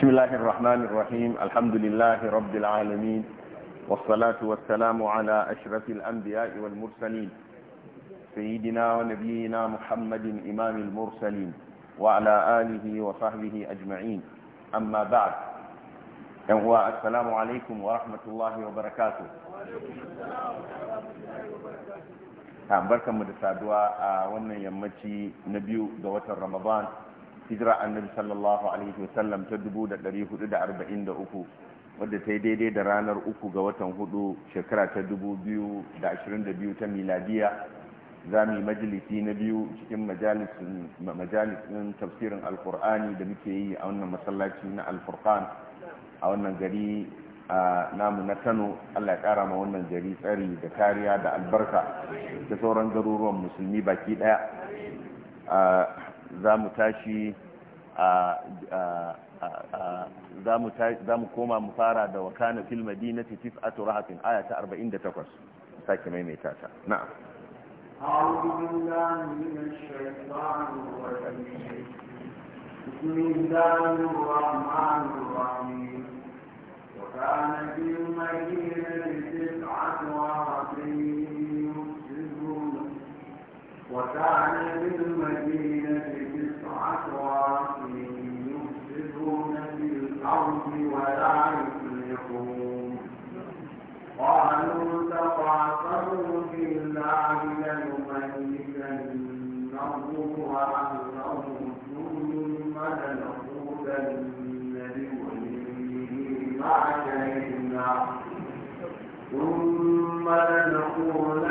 بسم الله الرحمن الرحيم الحمد لله رب العالمين والصلاة والسلام على أشرف الأنبياء والمرسلين سيدنا ونبينا محمد إمام المرسلين وعلى آله وصحبه أجمعين أما بعد هو السلام عليكم ورحمة الله وبركاته نعم، بركة مدسادوا آه، وانا يمتي نبيو دوة رمضان hijira annabi sallallahu alaihi wasallam ta uku, wadda ta yi daidai da ranar uku ga watan hudu shekara ta biyu ta miladiya za mu yi majalisi na biyu cikin majalisin tafsirin alkur'ani da muke yi a wannan masallaci na alfurkan a wannan gari namu na kano allah ya kara ma wannan gari tsari da kariya da albarka da sauran garuruwan musulmi baki daya za mu tashi za mu koma mu fara da wakana fil madinati tis'atu rahatin aya ta 48 sake maimaita ta na'am أعوذ بالله من الشيطان الرجيم بسم الله الرحمن الرحيم وكان في المدينة تسعة رهطين وكان بالمدينة تسعة عاصم يفسدون في الأرض ولا يصلحون قالوا تقاسموا بالله لنميتنه وأهله ثم لنقولن لوليه ما شهدنا ثم لنقولن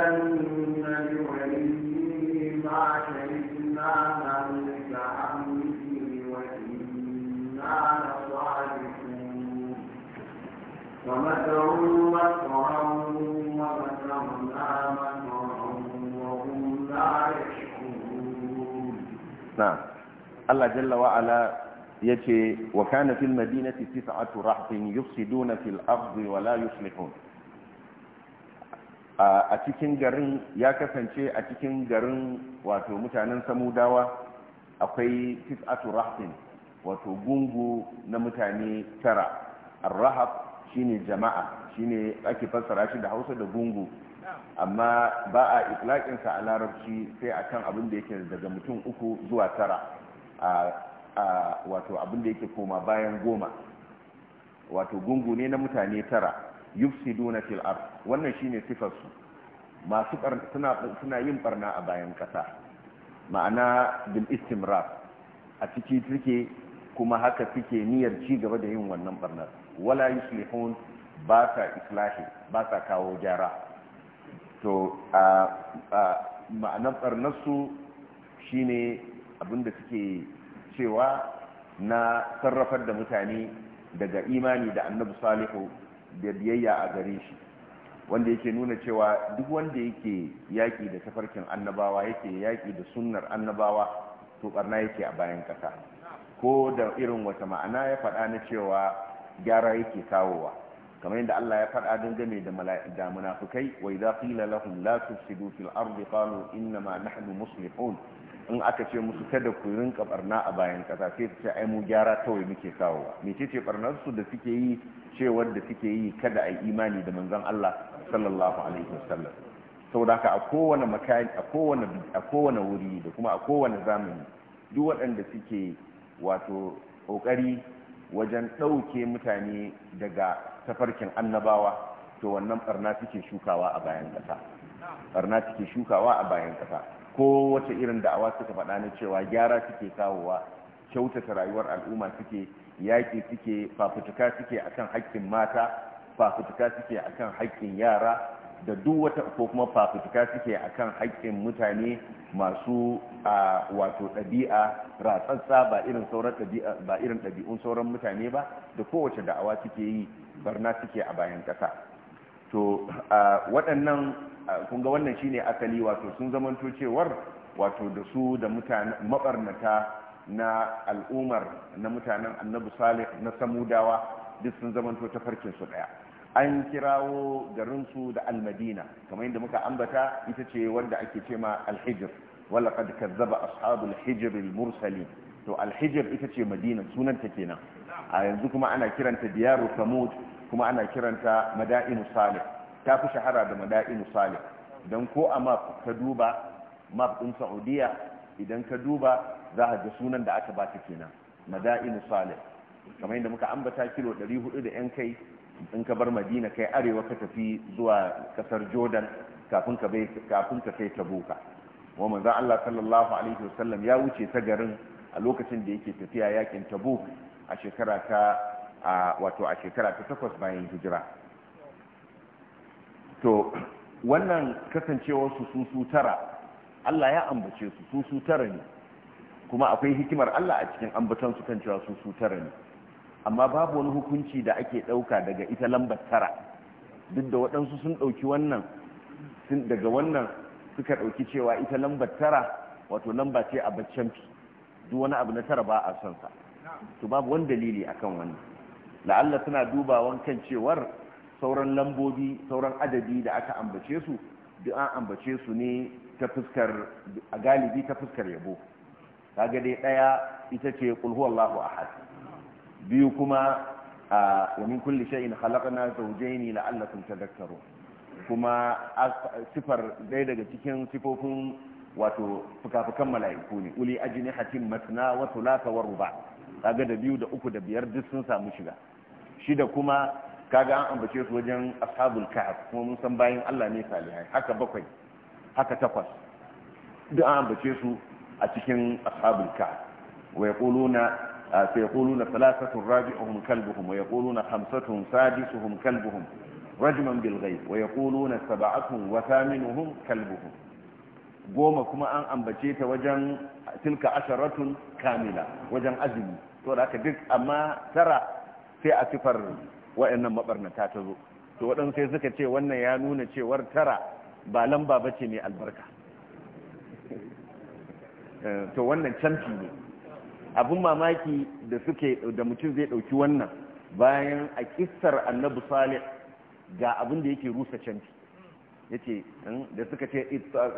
na Allah jalla wa ala الله جل wa kana fil madinati tis'atu rahtin yufsiduna fil ardi wa la yuslihun a cikin garin ya kasance a cikin garin wato mutanen samudawa akwai tis'atu rahtin wato gungu na mutane tara ar-rahab shine jama'a shine ake fassara shi da Hausa da gungu amma ba a itlaƙinsa a larabci sai a kan abin da yake daga mutum uku zuwa tara a wato abin da yake koma bayan goma wato gungu ne na mutane tara yufsiduna fil ard wannan shine su masu suna suna yin barna a bayan ƙasa ma'ana bil istimrar a ciki suke kuma haka suke niyyar ci gaba da yin wannan barnar wala yuslihun ba sa islahi ba sa kawo gyara to a ma'anar ɓarnarsu shi ne abinda suke cewa na sarrafar da mutane daga imani da Annabu salihu da biyayya a gare shi wanda yake nuna cewa duk wanda yake yaƙi da tafarkin annabawa yake yaƙi da sunnar annabawa to ɓarna yake a bayan ƙasa ko da irin wata ma'ana ya faɗa na cewa gyara yake kawowa kamar yadda Allah ya faɗa dangane da da munafikai wa idza qila lahum la tufsidu fil ardi qalu inna ma nahnu muslihun in aka ce musu kada ku rinka barna a bayan kasa sai su ce ai mu gyara kawai muke kawo mecece barnar su da suke yi cewar da suke yi kada ai imani da manzon Allah sallallahu alaihi wasallam saboda haka a kowane makani a kowane a kowane wuri da kuma a kowane zamani duk waɗanda suke wato kokari wajen ɗauke mutane daga tafarkin annabawa to wannan barna suke shukawa a bayan kasa barna suke shukawa a bayan ƙasa ko wace irin da'awa suka faɗa na cewa gyara suke kawowa kyautata rayuwar al'umma suke yaƙi suke fafutuka suke akan haƙƙin mata fafutuka suke akan haƙƙin yara da duk wata ko kuma fafutuka suke akan haƙƙin mutane masu a wato ɗabi'a ratsatsa ba irin sauran ɗabi'a ɗabi'un sauran mutane ba da kowace da'awa suke yi barna suke a bayan ƙasa to waɗannan kun ga wannan shine asali wato sun zamanto cewar wato da su da mutane mabarnata na al'umar na mutanen annabi salih na samudawa duk sun zamanto farkin su ɗaya an kirawo garinsu da almadina kamar yadda muka ambata ita ce wanda ake ce ma alhijir wala kad kazzaba ashabul hijr al-mursalin to alhijir ita ce madina sunanta kenan a yanzu kuma ana kiranta diyaru samud kuma ana kiranta madainu salih ta fi shahara da madainu salih don ko a map ka duba map din saudiya idan ka duba za ka ga sunan da aka bata kenan madainu salih kamar yadda muka ambata kilo 400 da yan kai in ka bar madina kai arewa ka tafi zuwa kasar jordan kafin ka bai kafin ka kai tabuka wa manzon Allah sallallahu alaihi wasallam ya wuce ta garin a lokacin da yake tafiya yakin tabuk a shekara ta wato a shekara ta takwas bayan hijira to wannan kasancewar su su tara Allah ya ambace su su tara ne kuma akwai hikimar Allah a cikin ambatan su kan cewa su su tara ne amma babu wani hukunci da ake ɗauka daga ita lambar tara duk da waɗansu sun ɗauki wannan daga wannan suka ɗauki cewa ita lambar tara wato lamba ce a fi duk wani abu na tara ba a son sa to babu wani dalili akan wani la'alla suna dubawan kan cewar sauran lambobi sauran adadi da aka ambace su duk an ambace su ne ta fuskar a galibi ta fuskar yabo kaga dai ɗaya ita ce qul a ahad biyu kuma a wani kulli shay'in khalaqna zawjayn ta tadhakkarun kuma sifar dai daga cikin sifofin wato fukafukan mala'iku ne uli ajnihatin matna wa thulatha wa ruba kaga da biyu da uku da biyar duk sun samu shiga shida kuma kaga an ambace su wajen ashabul kahf kuma mun san bayan Allah ne salihai haka bakwai haka takwas duk an ambace su a cikin ashabul kahf wa yaquluna فيقولون ثلاثة رابعهم كلبهم ويقولون خمسة سادسهم كلبهم رجما بالغيب ويقولون سبعة وثامنهم كلبهم goma kuma an ambace ta wajen silka asharatun kamila wajen azumi to da aka duk amma tara sai a sifar waɗannan mabarnata ta zo to waɗansu sai suka ce wannan ya nuna cewar tara ba lamba bace ne albarka to wannan canfi ne abin mamaki da suke da mutum zai ɗauki wannan bayan a kissar annabi salih ga abin da yake rusa canfi yace hmm, da suka ce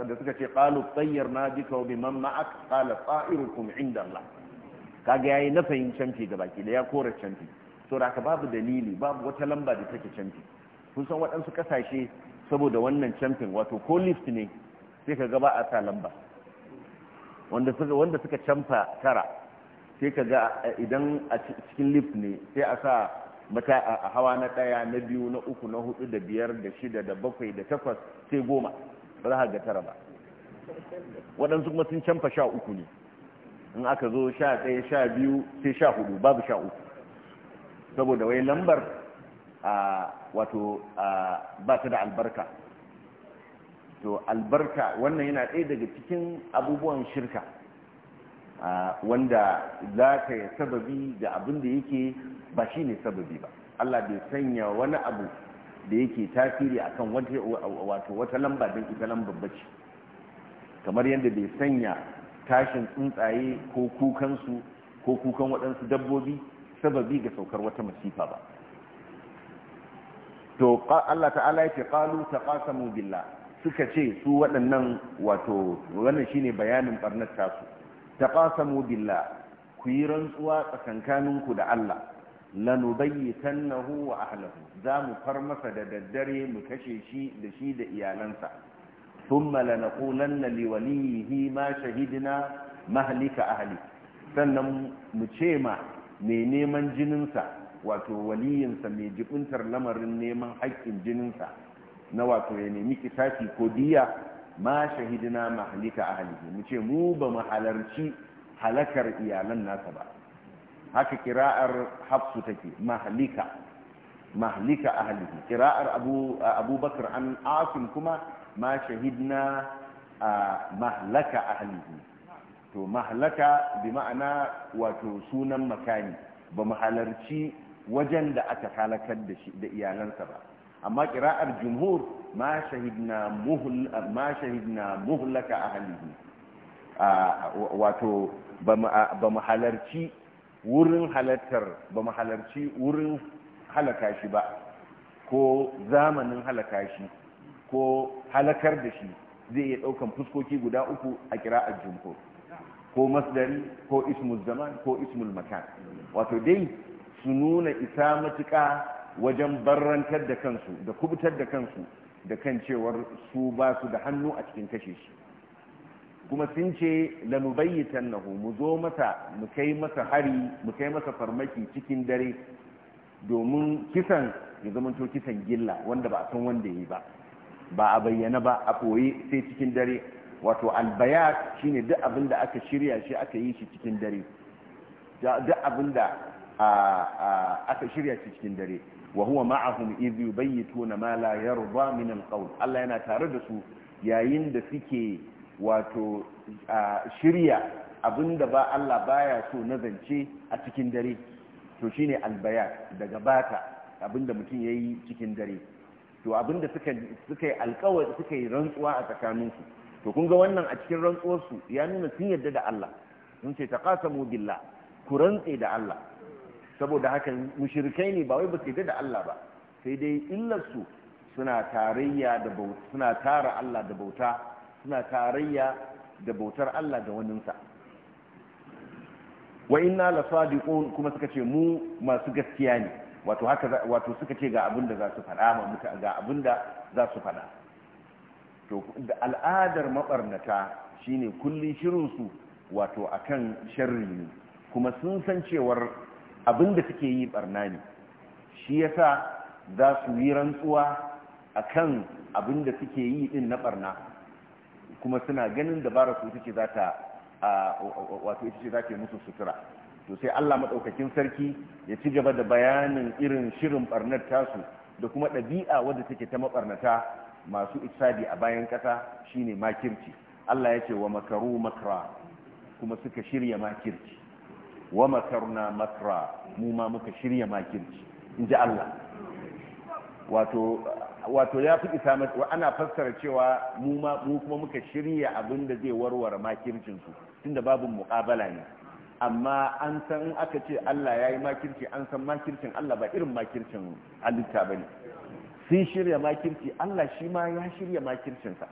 da suka ce qalu tayyarna bika wa biman ma'ak qala ta'irukum inda Allah kaga yayi na fahimcin canfi da baki da ya kora canfi to da ka babu dalili babu wata lamba da take canfi kun san waɗansu kasashe saboda wannan canfin wato ko lift ne sai ka gaba a sa lamba wanda suka canfa tara sai ka ga idan a cikin lift ne sai a sa mata a hawa na ɗaya na biyu na uku na hudu da biyar da shida da bakwai da takwas sai goma ba za ga tara ba waɗansu kuma sun canfa sha uku ne in aka zo sha ɗaya sha biyu sai sha hudu babu sha uku saboda wai lambar a wato ba ta da albarka to albarka wannan yana ɗaya daga cikin abubuwan shirka wanda za ka yi sababi da abin da yake ba shi ne sababi ba Allah bai sanya wani abu da yake tasiri a kan wata lamba don ita lambar bacci kamar yadda bai sanya tashin tsuntsaye ko kukansu ko kukan waɗansu dabbobi sababi ga saukar wata masifa ba to Allah ta'ala yake kasa mu billah suka ce su waɗannan wato wannan shine bayanin ɓarnar tasu taqasamu billah ku yi rantsuwa tsakankaninku da Allah lanubayyitannahu wa ahlihi za mu far masa da daddare mu kashe shi da shi da iyalansa thumma lanaqulanna liwalihi ma shahidna mahlika ahli sannan mu ce ma mai neman jininsa wato waliyinsa mai jibintar lamarin neman haƙƙin jininsa na wato ya nemi kitafi ko diya ma shahidina mahalika ahlihi mu ce mu ba mu halarci halakar iyalan nasa ba haka kira'ar hafsu take mahalika mahalika ahlihi kira'ar abu abubakar an asim kuma ma shahidna mahlaka ahlihi to mahlaka bi ma'ana wato sunan makani ba mu halarci wajen da aka halakar da iyalansa ba amma kira'ar jumhur ma shahidna muhlaka ahalihi wato ba mu halarci wurin halartar ba mu halarci wurin halaka shi ba ko zamanin halaka shi ko halakar da shi zai iya ɗaukan fuskoki guda uku a kira'ar jumhur ko masdari ko ismul zaman ko ismul makan wato dai su nuna isa matuƙa wajen barrantar da kansu da kubutar da kansu da kan cewar su ba su da hannu a cikin kashe shi kuma sun ce lanubayyitan nahu mu zo masa mu kai masa hari mu kai masa farmaki cikin dare domin kisan ya zamanto kisan gilla wanda ba a san wanda ya yi ba ba a bayyana ba a koyi sai cikin dare wato albaya shine duk abin da aka shirya shi aka yi shi cikin dare duk abin da aka shirya shi cikin dare wa huwa ma'ahum idh yubayituna ma la yarda min alqawl Allah yana tare da su yayin da suke wato shirya abinda ba Allah baya so na zance a cikin dare to shine albayat daga bata abinda mutum yayi cikin dare to abinda suka suka yi alƙawari suka yi rantsuwa a tsakaninsu to kun ga wannan a cikin rantsuwarsu ya nuna sun yarda da Allah sun ce taqasamu billah ku rantse da Allah saboda haka, mushirikai ne ba wai ba su da Allah ba sai dai illarsu suna tarayya da bauta suna tara Allah da bauta suna tarayya da bautar Allah da waninsa wa inna la sadiqun kuma suka ce mu masu gaskiya ne wato haka wato suka ce ga abin za su faɗa ma muka ga abin za su faɗa to da al'adar mabarnata shine kullun shirin su wato akan sharri ne kuma sun san cewar abinda suke yi barna ne shi yasa za su yi rantsuwa akan abinda suke yi din na barna kuma suna ganin dabara su take za ta wato ita ce za ta musu sutura to sai Allah madaukakin sarki ya ci gaba da bayanin irin shirin barnar tasu da kuma ɗabi'a wadda take ta mabarnata masu isabi a bayan ƙasa shine makirci Allah ya ce wa makaru makra kuma suka shirya makirci wa makarna makra mu ma muka shirya makirci in ji Allah wato ya fi isa ana fassara cewa mu kuma muka shirya abin da zai warware su tunda babu muƙabala ne amma an san aka ce Allah ya yi makirci an san makircin Allah ba irin makircin halitta ba ne sun shirya makirci Allah shi ma ya shirya makircinsa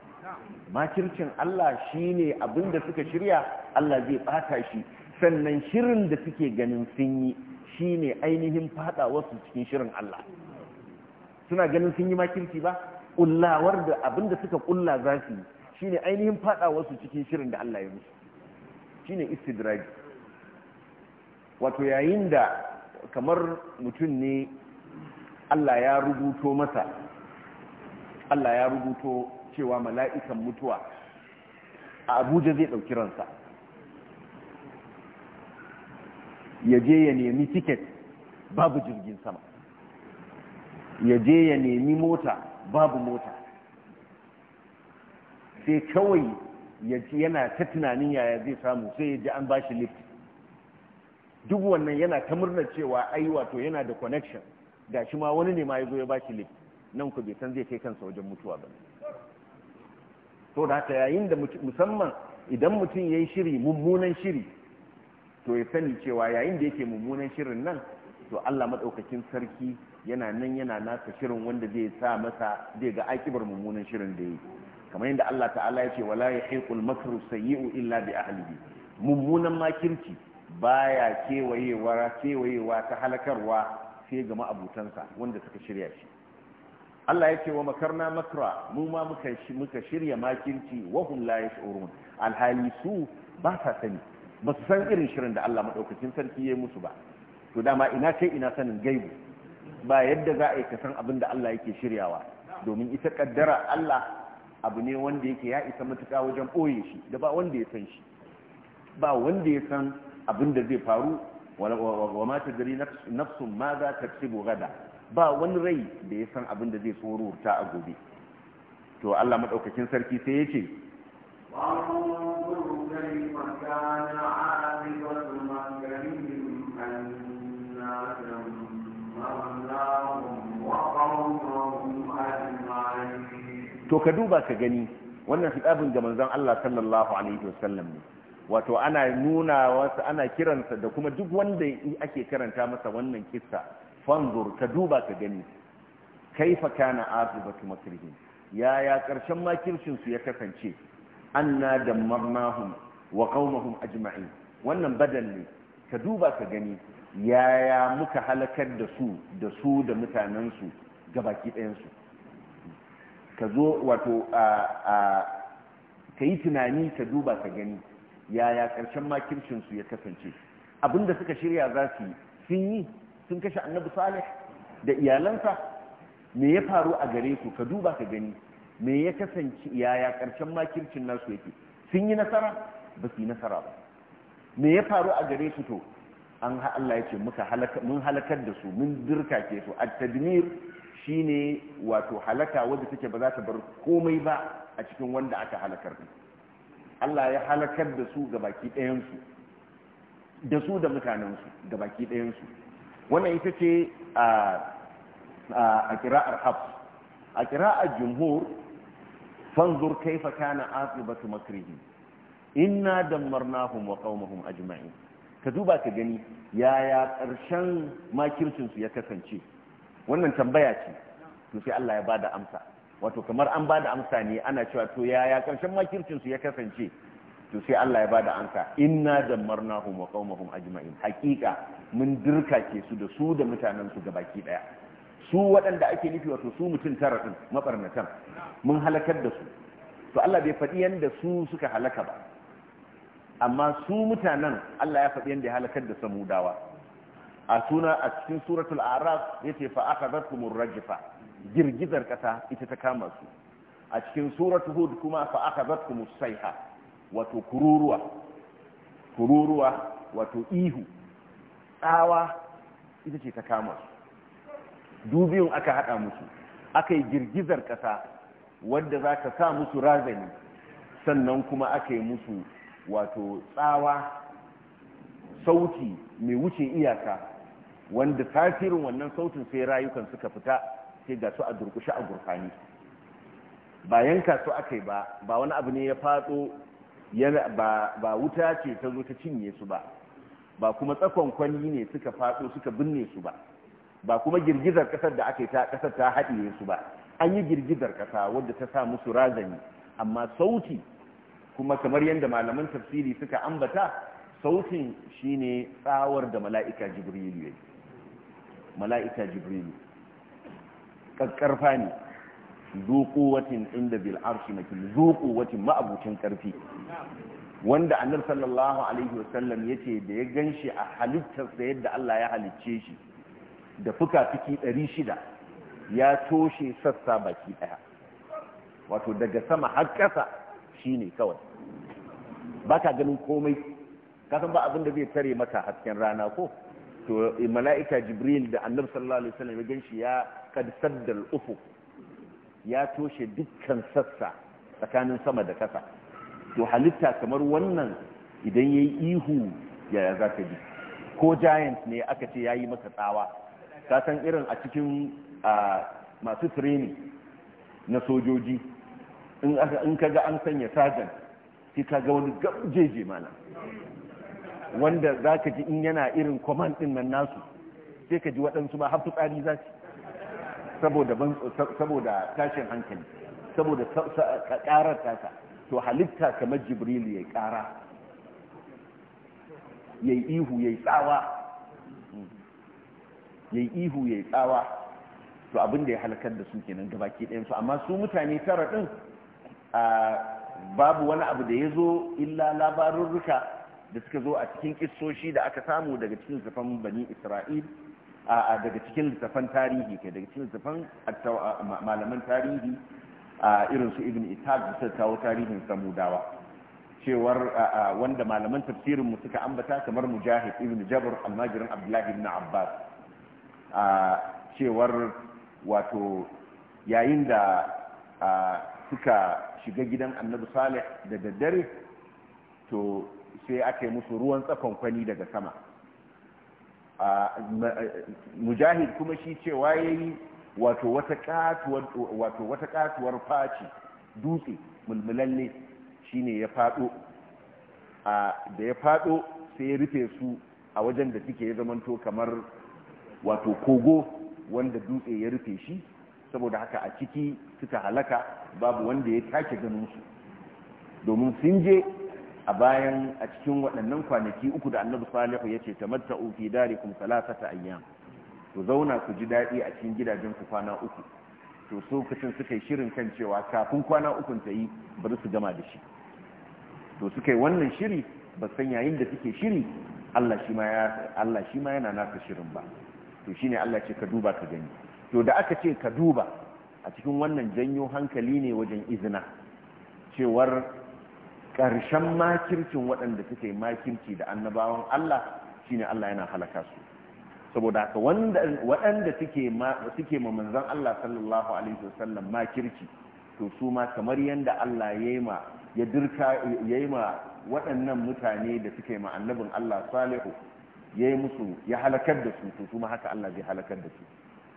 makircin Allah shi ne abin suka shirya Allah zai ɓata shi sannan shirin da suke ganin sun yi shi ne ainihin fada wasu cikin shirin Allah suna ganin sun yi makirci ba ƙullawar da abin da suka ƙulla za su yi shi ne ainihin fada wasu cikin shirin da Allah ya musu shi ne istidraji wato yayin da kamar mutum ne Allah ya rubuto masa Allah ya rubuto cewa mala'ikan mutuwa a abuja zai ɗauki ransa ya je ya nemi tiket babu jirgin sama ya je ya nemi mota babu mota sai kawai yana ta tunanin yaya zai samu sai ya ji an bashi shi lift duk wannan yana ta murnar cewa ai wato yana da connection ga shi ma wani ne ma ya zo ya ba shi lift nan ku san zai kai kansa wajen mutuwa ba to da haka yayin da musamman idan mutum ya yi shiri mummunan shiri to ya sani cewa yayin da yake mummunan shirin nan to Allah madaukakin sarki yana nan yana nasa shirin wanda zai sa masa zai ga akibar mummunan shirin da yi. kamar yadda Allah ta'ala ya ce wala yahiqul makru sayyi'u illa bi ahlihi mummunan makirci baya kewayewa kewayewa ta halakarwa sai ga ma'abutansa wanda suka shirya shi Allah ya ce wa makarna makra mu ma muka shirya makirci wa hum la yash'urun alhali su ba sa sani ba su san irin shirin da Allah maɗaukacin sarki ya musu ba to dama ina kai ina sanin gaibu ba yadda za a yi san abin da Allah yake shiryawa domin ita kaddara Allah abu ne wanda yake ya isa matuka wajen ɓoye shi da ba wanda ya san shi ba wanda ya san abin da zai faru wa ma ta gari nafsun ma za ta gada ba wani rai da ya san abin da zai ta a gobe to Allah maɗaukacin sarki sai ya ce كيف كان عاقبة مكرهم أنا دمرناهم وقومهم أجمعين to ka duba ka gani wannan hidabin ga manzon Allah sallallahu alaihi wasallam ne wato ana nuna wasu ana kiransa da kuma duk wanda ake karanta masa wannan kissa fanzur ka duba ka gani kaifa kana azibatu makrihim yaya karshen makircin su ya kasance anna dammarnahum wa qaumahum ajma'in wannan badal ne ka duba ka gani yaya muka halakar da su da su da mutanen su gabaki ɗayan ka zo wato ka yi tunani ka duba ka gani yaya ƙarshen makircin su ya kasance abinda suka shirya za su yi sun yi sun kashe annabi salih da iyalansa me ya faru a gare ku ka duba ka gani me ya kasance yaya ƙarshen makircin nasu yake sun yi nasara ba su yi nasara ba me ya faru a gare su to an Allah ya ce mun halakar da su mun ke su at-tadmir shine wato halaka wanda take ba za ta bar komai ba a cikin wanda aka halakar da Allah ya halakar da su gabaki ɗayan su da su da mutanen su baki ɗayan su wannan ita ce a a kira'ar hafs a kira'ar jumhur fanzur kaifa kana aqibatu makrihi inna dammarnahum wa qaumahum ajma'in ka duba ka gani yaya ƙarshen makircin su ya kasance wannan tambaya ce to sai Allah ya bada amsa wato kamar an bada amsa ne ana cewa to yaya karshen makircin su ya kasance to sai Allah ya bada amsa inna dammarnahum wa qaumahum ajma'in Hakika mun ke su da su da mutanen su gabaki daya su waɗanda ake nufi wato su mutum tara din mabarnatan mun halakar da su to Allah bai faɗi yanda su suka halaka ba amma su mutanen Allah ya faɗi yadda ya halakar da samudawa a suna a cikin suratul araf ya ce fa aka zartu murrajifa girgizar ƙasa ita ta kama su a cikin suratul hud kuma fa aka zartu musaiha wato kururuwa kururuwa wato ihu tsawa ita ce ta kama su dubiyun aka haɗa musu aka yi girgizar ƙasa wadda za ka sa musu razani sannan kuma aka yi musu wato tsawa sauti mai wuce iyaka wanda tasirin wannan sautin sai rayukan suka fita sai ga su a durkushi a gurfani ba yanka su aka yi ba ba wani abu ne ya fado ba wuta ce ta zo ta cinye su ba ba kuma tsakon kwani ne suka fado suka binne su ba ba kuma girgizar kasar da aka yi ta kasar ta haɗe su ba an yi girgizar kasa wadda ta sa musu razani amma sauti kuma kamar yadda malaman tafsiri suka ambata sautin shine tsawar da mala'ika jibrilu yake mala'ika jibrilu kakkarfa ne zuƙo watin inda bil na makin zuƙo watin ma'abucin ƙarfi wanda annabi sallallahu alaihi wasallam ya ce da ya gan shi a halittarsa yadda Allah ya halicce shi da fuka-fuki 600 ya toshe sassa baki ɗaya wato daga sama har ƙasa shi ne kawai ba ka ganin komai kasan ba abin da zai tare mata hasken rana ko to eh, mala'ika jibril da Annab sallallahu alaihi wasallam ya ganshi ya kad saddal ufu ya toshe dukkan sassa tsakanin sama da kasa to halitta kamar wannan idan ya yi ihu yaya za ka ji ko giant ne aka ce ya yi maka tsawa kasan irin a cikin masu training na sojoji in ka ga an sanya sergeant Kita ka ga wani gabjeje mana wanda za ka ji in yana irin command din nan nasu sai ka ji waɗansu ba har tsari za su saboda tashin hankali saboda ƙarar tasa to halitta kamar jibril ya ƙara ya yi ihu ya yi tsawa ya yi ihu ya yi tsawa to abin da ya halakar da su kenan gabaki ɗayansu amma su mutane tara ɗin a babu wani abu da ya zo illa labarurruka da suka zo a cikin kissoshi da aka samu daga cikin zafan bani isra'il a daga cikin zafan tarihi ke daga cikin zafan malaman tarihi a irin su ibn ishaq da suka kawo tarihin samudawa cewar wanda malaman tafsirin mu suka ambata kamar mujahid ibn jabr almajirin abdullahi ibn abbas cewar wato yayin da suka shiga gidan annabi salih da daddare to sai aka yi musu ruwan tsakon kwani daga sama mujahid kuma shi cewa ya yi wato wata katuwar faci dutse mulmulalle shine ya fado da ya fado sai ya rufe su a wajen da suke ya zamanto kamar wato kogo wanda dutse ya rufe shi saboda haka a ciki suka halaka babu wanda ya take ganinsu domin sun je a bayan a cikin waɗannan kwanaki uku da annabi salihu ya ce tamatta'u fi darikum salasata ayyam ku zauna ku ji daɗi a cikin gidajen ku kwana uku to kacin suka yi shirin kan cewa kafin kwana uku ta yi bari su gama da shi to suka yi wannan shiri ba san yayin da suke shiri Allah shi ma yana nasa shirin ba to shine Allah ce ka duba ka gani to da aka ce ka duba a cikin wannan janyo hankali ne wajen izina cewar ƙarshen makircin waɗanda suke makirci da annabawan Allah shine Allah yana halaka su saboda haka waɗanda suke ma manzan Allah sallallahu alaihi wasallam makirci to su ma kamar yadda Allah ya yi ma ya dirka ya yi ma waɗannan mutane da suke ma annabin Allah salihu ya yi musu ya halakar da su to su ma haka Allah zai halakar da su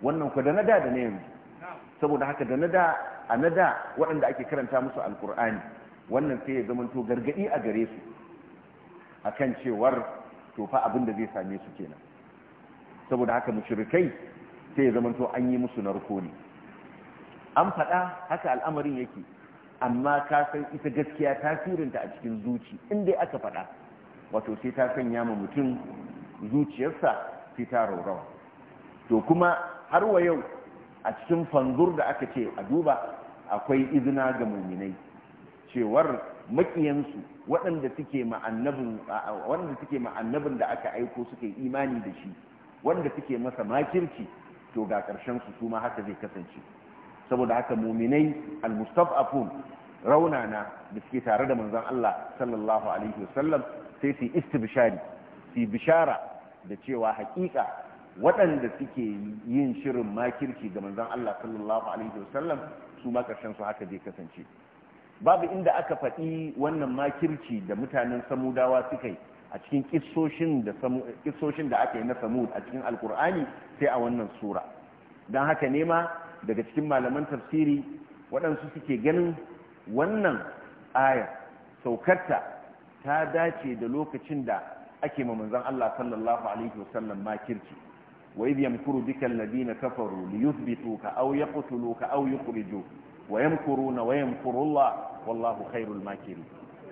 wannan ku da na da da na yanzu saboda haka da na da a na da waɗanda ake karanta musu alkur'ani wannan sai ya zamanto gargaɗi a gare su a kan cewar to fa abin da zai same su kenan saboda haka mushrikai sai ya zamanto an yi musu narko ne an faɗa haka al'amarin yake amma ka san ita gaskiya tasirinta a cikin zuci inda aka faɗa wato sai ta sanya ma mutum zuciyarsa sai ta raurawa to kuma har wa yau a cikin fanzur da aka ce a duba akwai izina ga muminai cewar makiyansu waɗanda suke ma'annabin da aka aiko suke imani da shi wanda suke masa makirci to ga ƙarshen su su haka zai kasance saboda haka muminai rauna na da suke tare da manzon Allah sallallahu alaihi wasallam sai su istibshari su bishara da cewa haƙiƙa waɗanda suke yin shirin makirki ga manzon Allah sallallahu alaihi wasallam su ma su haka zai kasance babu inda aka faɗi wannan makirci da mutanen samudawa suka yi a cikin kissoshin da aka yi na samud a cikin alkur'ani sai a wannan sura don haka nema daga cikin malaman tafsiri waɗansu suke ganin wannan ayar saukarta ta dace da lokacin da ake ma manzon Allah sallallahu alaihi wasallam makirci wa idh yamkuru bika alladhina kafaru liyuthbituka aw yaqtuluka aw yukhrijuka wa yamkuruna wa yamkuru Allah wallahu khairul makirin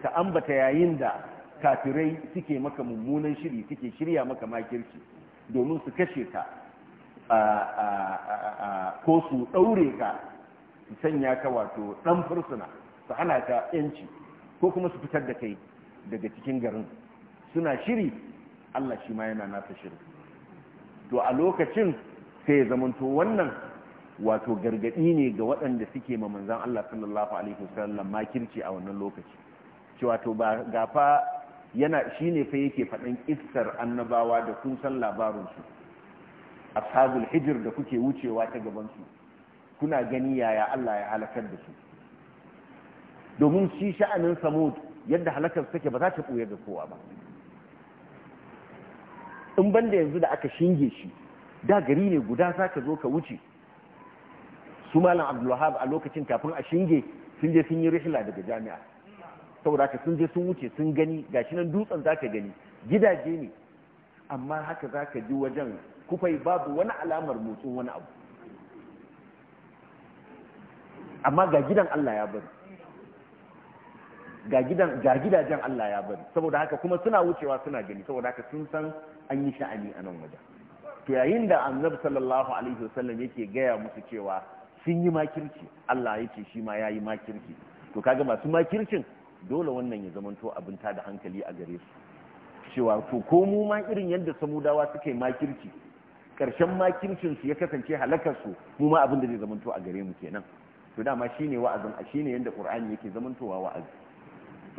ka ambata yayin da kafirai suke maka mummunan shiri suke shirya maka makirci domin su kashe ka ko su ɗaure ka su sanya ka wato ɗan fursuna su hana ka yanci ko kuma su fitar da kai daga cikin garin suna shiri Allah shi ma yana nasa shiri to a lokacin sai ya zamanto wannan wato gargadi ne ga waɗanda suke ma manzan Allah sallallahu alaihi wasallam makirci a wannan lokaci cewa to ba gafa yana shine fa yake faɗin kissar annabawa da kun san labarin su ashabul hijr da kuke wucewa ta gaban su kuna gani yaya Allah ya halakar da su domin shi sha'anin samud yadda halakar take ba za ta ɓoye ga kowa ba in banda yanzu da aka shinge shi da gari ne guda za ka zo ka wuce su malam abdulwahab a lokacin kafin a shinge sun je sun yi rihla daga jami'a saboda ka sun je sun wuce sun gani gashi nan dutsen za ka gani gidaje ne amma haka za ka ji wajen kufai babu wani alamar motsin wani abu amma ga gidan allah ya bari ga gidajen Allah ya bari saboda haka kuma suna wucewa suna gani saboda haka sun san an yi sha'ani a nan wajen to yayin da annabi sallallahu alaihi wasallam yake gaya musu cewa sun yi makirci Allah ya ce shi ma ya yi makirci to kaga masu makircin dole wannan ya zamanto abin ta da hankali a gare su cewa to ko mu ma irin yadda samudawa suka yi makirci karshen makircin su ya kasance halakar su mu ma abin da zai zamanto a gare mu kenan to dama shine wa'azin shine yadda qur'ani yake zamantowa wa'azi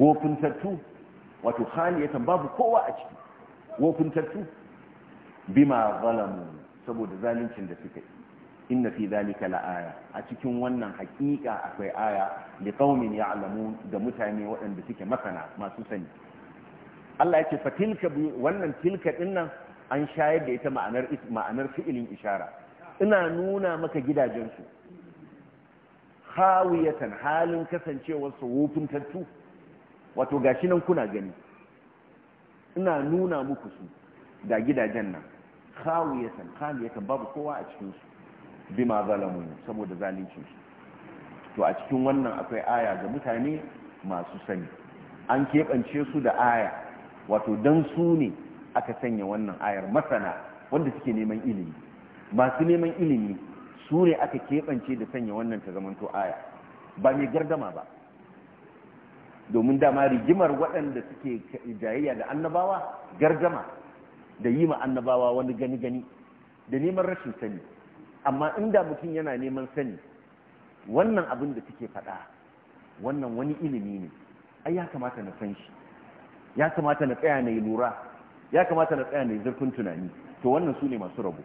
wofintattu wato khaliyatan babu kowa a ciki wofintattu bima zalamu saboda zaluncin da suka yi inna fi zalika la'aya a cikin wannan hakika akwai aya li qaumin ya'lamun da mutane waɗanda suke masana masu sani Allah yake fa tilka wannan tilka dinnan an shayar da ita ma'anar ma'anar fi'ilin ishara ina nuna maka gidajen su hawiyatan halin kasancewar su wofintattu wato gashi nan kuna gani ina nuna muku su da gidajen nan khawiyatan khawiyatan babu kowa a cikin su bima zalamu saboda zalincin su to a cikin wannan akwai aya ga mutane masu sani an keɓance su da aya wato dan su ne aka sanya wannan ayar masana wanda suke neman ilimi masu neman ilimi su ne aka keɓance da sanya wannan ta zamanto aya ba mai gardama ba domin dama rigimar waɗanda suke jayayya da annabawa gargama da yi ma annabawa wani gani-gani da neman rashin sani amma inda mutum yana neman sani wannan abin da suke faɗa wannan wani ilimi ne ai ya kamata na san shi ya kamata na tsaya na yi lura ya kamata na tsaya na yi zurfin tunani to wannan su ne masu rabo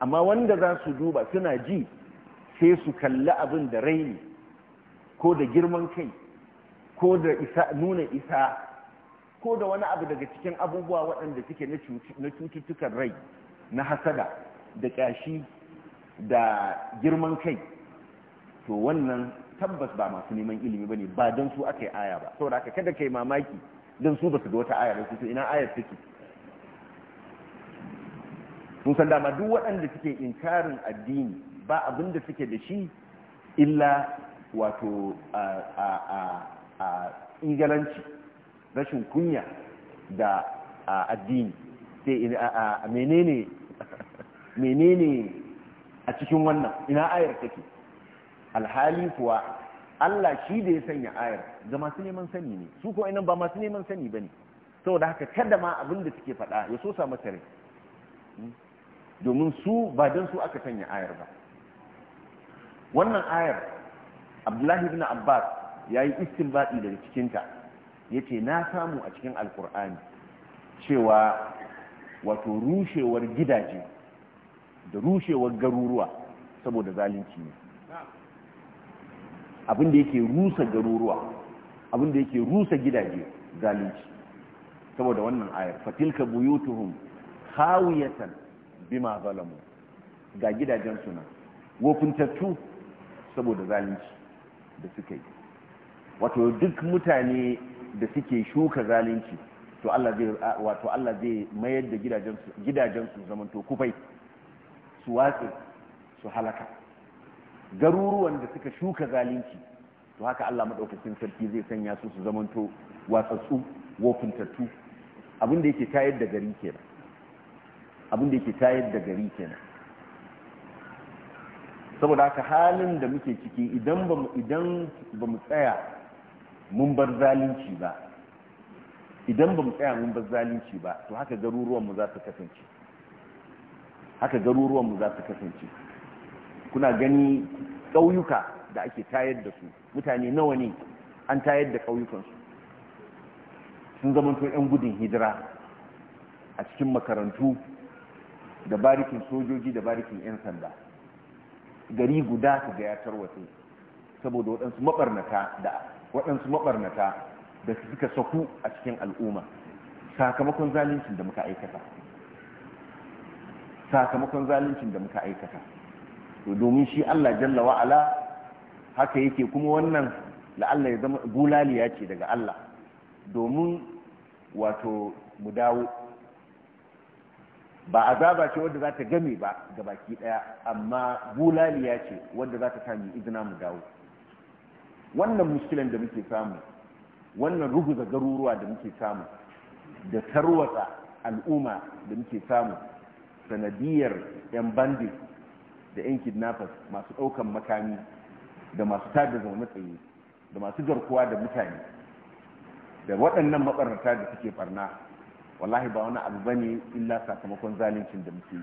amma wanda za su duba suna ji sai su kalli abin da raini ko da girman kai ko da isa nuna isa ko da wani abu daga cikin abubuwa waɗanda suke na cututtukan rai na hasada da ƙyashi da girman kai to wannan tabbas ba masu neman ilimi ba ne, ba don su aka yi aya ba saboda aka kada kai mamaki don su ba su ga wata aya da su ina ayar ke? sun san dama duk waɗanda suke inkarin addini ba abin da suke da shi illa wato a ingalanci rashin kunya da addini sai a menene a cikin wannan ina ayar take alhali kuwa Allah shi da ya sanya ayar ga masu neman sani ne su kuwa inan ba masu neman sani ba sau saboda haka kada ma abin da suke faɗa ya so samu tare hmm? domin su ba don su aka sanya ayar ba wannan ayar abdullahi ibn abbas ya yi istinbadi daga cikinta ya ce na samu a cikin alkur'ani cewa wato rushewar gidaje da rushewar garuruwa saboda zalunci ne abinda yake rusa garuruwa abinda yake rusa gidaje zalunci saboda wannan ayar fatilka buyutuhum khawiyatan bima zalamu ga gidajen suna wofintattu saboda zalunci da suka yi wato duk mutane da suke shuka zalunci to Allah zai wato Allah zai mayar da gidajen su gidajen su zaman to kufai su watsi su halaka garuruwan da suka shuka zalunci to haka Allah madaukakin sarki zai sanya su su zaman to watsatsu tattu abin da yake tayar da gari kenan abin da yake tayar da gari kenan saboda haka halin da muke ciki idan ba mu tsaya mun bar zalunci ba idan ba mu tsaya mun bar zalunci ba to haka garuruwanmu za su kasance haka garuruwanmu za su kasance kuna gani ƙauyuka da ake tayar da su mutane nawa ne an tayar da ƙauyukansu sun zamanto 'yan gudun hijira a cikin makarantu da barikin sojoji da barikin 'yan sanda gari guda ta ga ya saboda waɗansu maɓarnaka da waɗansu maɓarnata da suka saku a cikin al'umma sakamakon zalincin da muka aikata sakamakon zalincin da muka aikata domin shi Allah jalla wa'ala haka yake kuma wannan la'alla ya zama bulaliya ce daga Allah domin wato mu dawo ba azaba ce wadda za ta game ba ga baki daya amma bulaliya ce wadda za ta sami izina mu dawo wannan muskilan da muke samu wannan ruguza garuruwa da muke samu da tarwatsa al'umma da muke samu sanadiyar 'yan bandit da 'yan kidnappers masu ɗaukan makami da masu tada zaune tsaye da masu garkuwa da mutane da waɗannan matsarata da suke barna wallahi ba wani abu bane illa sakamakon zaluncin da muke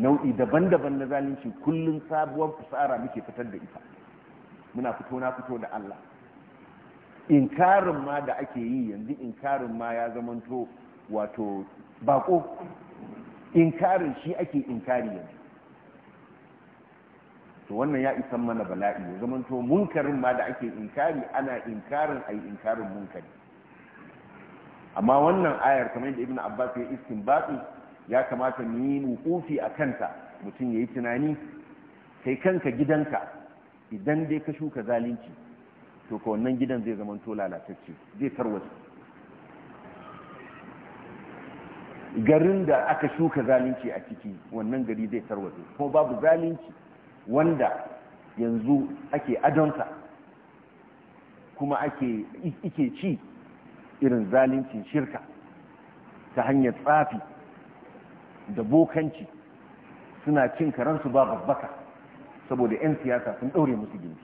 nau'i daban-daban na zalunci kullum sabuwar fusara muke fitar da ita muna fito na fito da Allah inkarin ma da ake yi yanzu inkarin ma ya zamanto wato bako inkarin shi ake inkari yanzu to wannan ya isan mana bala'i ya zamanto munkarin ma da ake inkari ana inkarin ai inkarin munkari amma wannan ayar kamar yadda ibn abbas ya istinbati ya kamata mu yi wukufi a kanta mutum ya yi tunani kai kanka gidanka idan dai ka shuka zalunci to ka wannan gidan zai zama to lalatacce zai tarwata garin da aka shuka zalunci a ciki wannan gari zai tarwata kuma babu zalunci wanda yanzu ake adonsa kuma ake ike ci irin zaluncin shirka ta hanyar tsafi da bokanci suna cin karansu ba babbaka saboda 'yan siyasa sun ɗaure musu gindi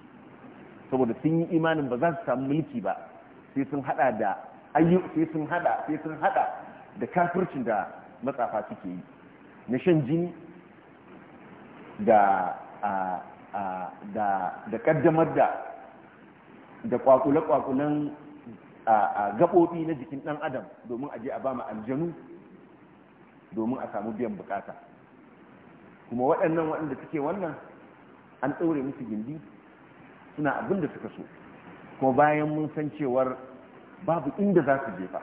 saboda sun yi imanin ba za su samu mulki ba sai sun hada da ayyu sai sun hada sai sun hada da kafircin da matsafa suke yi na shan jini da da kaddamar da da kwakule-kwakulen gaɓoɓi na jikin ɗan adam domin a je a ba aljanu domin a samu biyan bukata kuma waɗannan waɗanda suke wannan an ɗaure musu gindi suna abin da suka so ko bayan mun san cewar babu inda za su jefa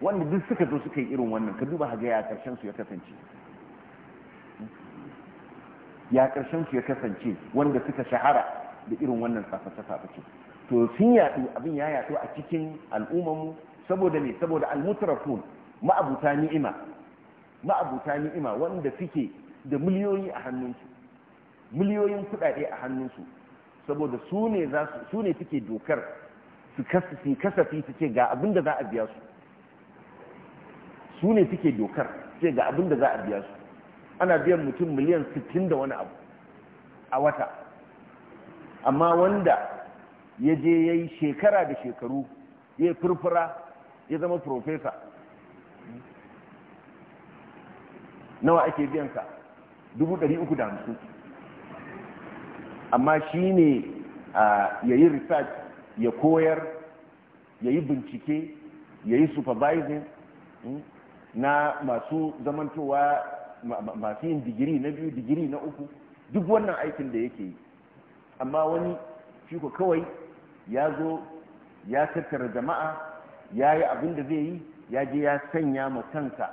wanda duk suka zo suka yi irin wannan ka duba haga ya karshen su ya kasance ya karshen su ya kasance wanda suka shahara da irin wannan saface-saface to sun yaɗu abin ya yaɗu a cikin al'ummarmu saboda ne saboda almutrafun ma'abuta ni'ima ma'abuta ni'ima wanda suke da miliyoyi a hannunsu miliyoyin kuɗaɗe a hannunsu saboda su ne su suke dokar su kasafi su ce ga abin da za a biya su su ne suke dokar ce ga abin da za a biya su ana biyan mutum miliyan 60 da wani abu a wata amma wanda ya je ya yi shekara da shekaru ya furfura ya zama profesa nawa ake biyansa 350 amma shi ne ya yi research ya koyar ya yi bincike ya yi supervising hmm, na masu zamantowa masu yin digiri na biyu digiri na uku duk wannan aikin da yake yi amma wani shi ko kawai ya zo ya tattara jama'a ya yi abin da zai yi ya je ya sanya ma kansa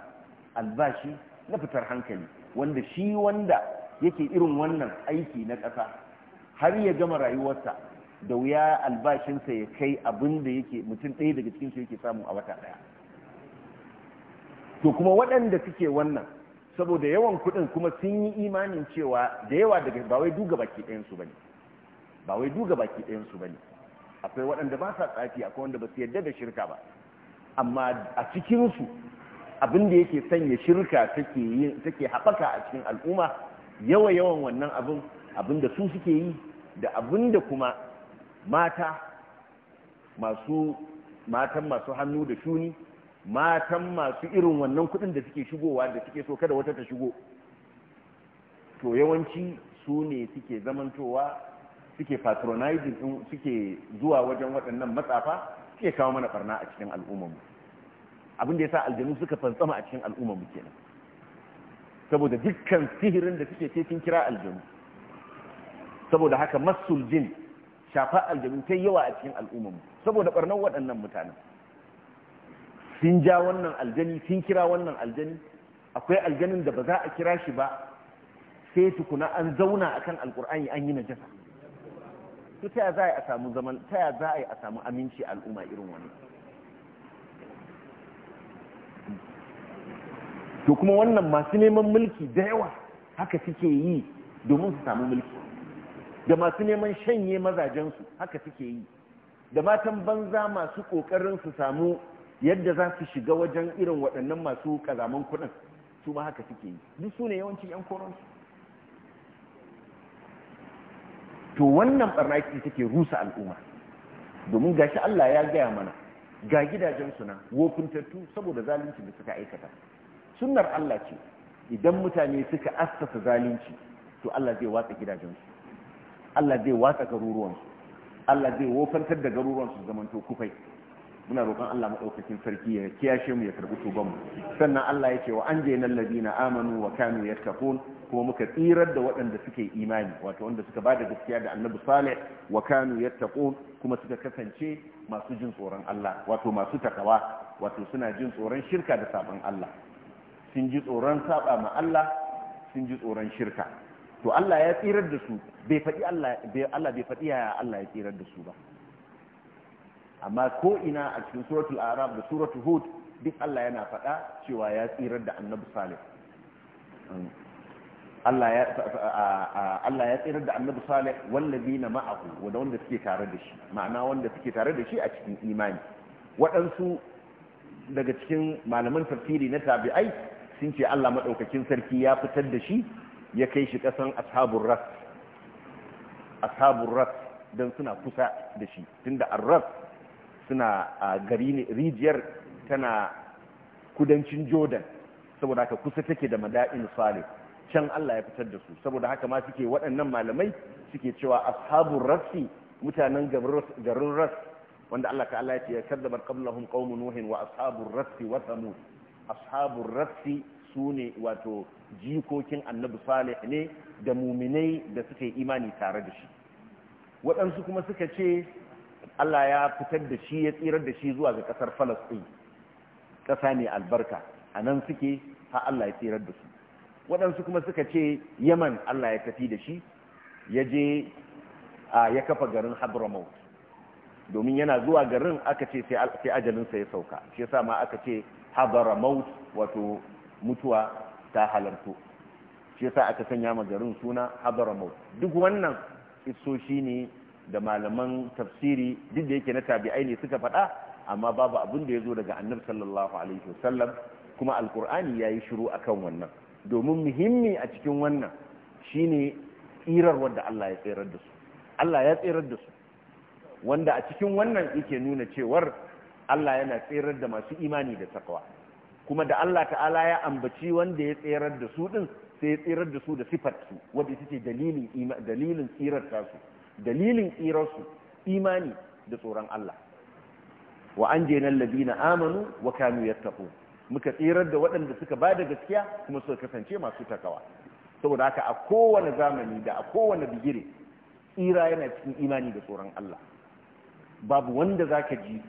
albashi na fitar hankali wanda shi wanda yake irin wannan aiki na ƙasa har ya gama rayuwarsa da wuya albashinsa ya kai abin da yake mutum ɗaya daga cikin su yake samu a wata ɗaya to kuma waɗanda suke wannan saboda yawan kuɗin kuma sun yi imanin cewa da yawa daga ba wai duga baki su bane ba wai duga baki su bane akwai waɗanda ba sa tsafi akwai wanda ba su yarda da shirka ba amma a cikinsu abin da yake sanya shirka take haɓaka a cikin al'umma yawa yawan wannan abin abinda su suke yi da abinda kuma mata masu matan masu hannu da shuni matan masu irin wannan kudin da suke shigowa da suke so kada wata ta shigo to yawanci su ne suke zamantowa suke patronizing suke zuwa wajen waɗannan matsafa suke kawo mana farna a cikin al'ummarmu abin da ya sa aljanu suka fantsama a cikin al'ummarmu kenan saboda dukkan sihirin da suke sai sun kira aljanu saboda haka masul jin shafa aljanu ta yawa a cikin al'ummarmu saboda barnan waɗannan mutanen sun ja wannan aljani sun kira wannan aljani akwai aljanin da ba za a kira shi ba sai tukuna an zauna akan alkur'ani an yi jasa su ta za a samu zaman ta za a samu aminci al'umma irin wani to kuma wannan masu neman mulki da yawa haka suke yi domin su samu mulki da masu neman shanye mazajensu haka suke yi da matan banza masu ƙoƙarin su samu yadda za su shiga wajen irin waɗannan masu ƙazaman kuɗin su ma haka suke yi duk su ne yawancin 'yan koronsu to wannan ɓarnaki take rusa al'umma domin gashi Allah ya gaya mana ga gidajensu nan wofintattu saboda zalunci da suka aikata sunnar Allah ce idan mutane suka assasa zalunci to Allah zai watsa gidajensu Allah zai watsa garuruwansu Allah zai wofantar da garuruwansu zamanto kufai muna roƙon Allah maɗaukakin sarki ya kiyashe mu ya karɓi tuban mu sannan Allah ya ce wa an jainal ladina amanu wa kanu yattaqun kuma muka tsirar da waɗanda suke imani wato wanda suka ba da gaskiya da Annabi Saleh wa kanu yattaqun kuma suka kasance masu jin tsoron Allah wato masu takawa wato suna jin tsoron shirka da sabon Allah sun ji tsoron saba ma Allah sun ji tsoron shirka to Allah ya tsirar da su bai faɗi Allah bai faɗi yaya Allah ya tsirar da su ba amma ko ina a cikin suratul arab da suratul hud duk Allah yana faɗa cewa ya tsirar da annabi salih Allah ya Allah ya tsirar da annabi salih wallazina ma'ahu wanda wanda suke tare da shi ma'ana wanda suke tare da shi a cikin imani waɗansu daga cikin malaman tafsiri na tabi'ai sun ce Allah madaukakin sarki ya fitar da shi ya kai shi kasan ashabun ras ashabun ras don suna kusa da shi tunda arras suna a gari ne rijiyar tana kudancin jordan saboda haka kusa take da mada'in salih can Allah ya fitar da su saboda haka ma suke waɗannan malamai suke cewa ashabun rassi mutanen garin ras wanda Allah ta'ala ya ce ya kaddabar qablahum qaumun nuhin wa ashabun rassi wa thamud ashabun rassi su ne wato jikokin annabi salih ne da muminai da suka yi imani tare da shi waɗansu kuma suka ce Allah ya fitar da shi ya tsirar da shi zuwa ga ƙasar falasɗin ƙasa ne albarka a nan suke ha Allah ya tsirar da su waɗansu kuma suka ce yaman Allah ya tafi da shi ya je ya kafa garin hadramaut domin yana zuwa garin aka ce sai ajalinsa ya sauka shi sa ma aka ce hadramaut wato mutuwa ta halarto shi yasa aka sanya ma garin suna hadramaut duk wannan isoshi ne da malaman tafsiri duk da yake na tabi'ai ne suka faɗa amma babu abin da ya zo daga annabi sallallahu alaihi wasallam kuma alkur'ani yayi yi shiru akan wannan domin muhimmi a cikin wannan shine tsirar wanda Allah ya tsirar da su Allah ya tsirar da su wanda a cikin wannan yake nuna cewar Allah yana tsirar da masu imani da takwa kuma da Allah ta'ala ya ambaci wanda ya tserar da su din sai ya tserar da su da sifar su wanda ita ce dalilin dalilin tsirar ta su dalilin tsirar su imani da tsoron Allah wa anjayna Labina amanu wa kanu yattaqun muka tsirar da waɗanda suka ba da gaskiya kuma suka kasance masu takawa saboda haka a kowane zamani da a kowane bigire tsira yana cikin imani da tsoron Allah babu wanda zaka ji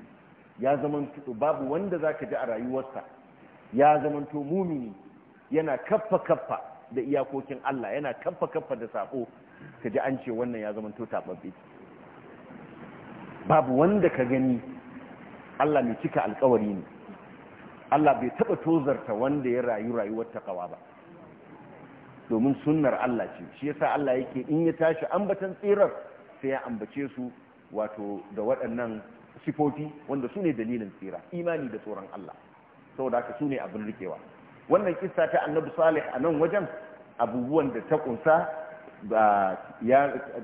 ya zaman babu wanda zaka ji a rayuwarsa ya zamanto mumini yana kaffa kaffa da iyakokin Allah yana kaffa kaffa da sako ka ji an ce wannan ya zamanto tababbe babu wanda ka gani Allah mai cika alkawari ne Allah bai taba tozarta wanda ya rayu rayuwar takawa ba domin sunnar Allah ce shi yasa Allah yake in ya tashi ambatan tsirar sai ya ambace su wato da waɗannan sifofi wanda su ne dalilin tsira imani da tsoron Allah saboda haka sune abin rikewa wannan kissa ta annabi salih a nan wajen abubuwan da ta kunsa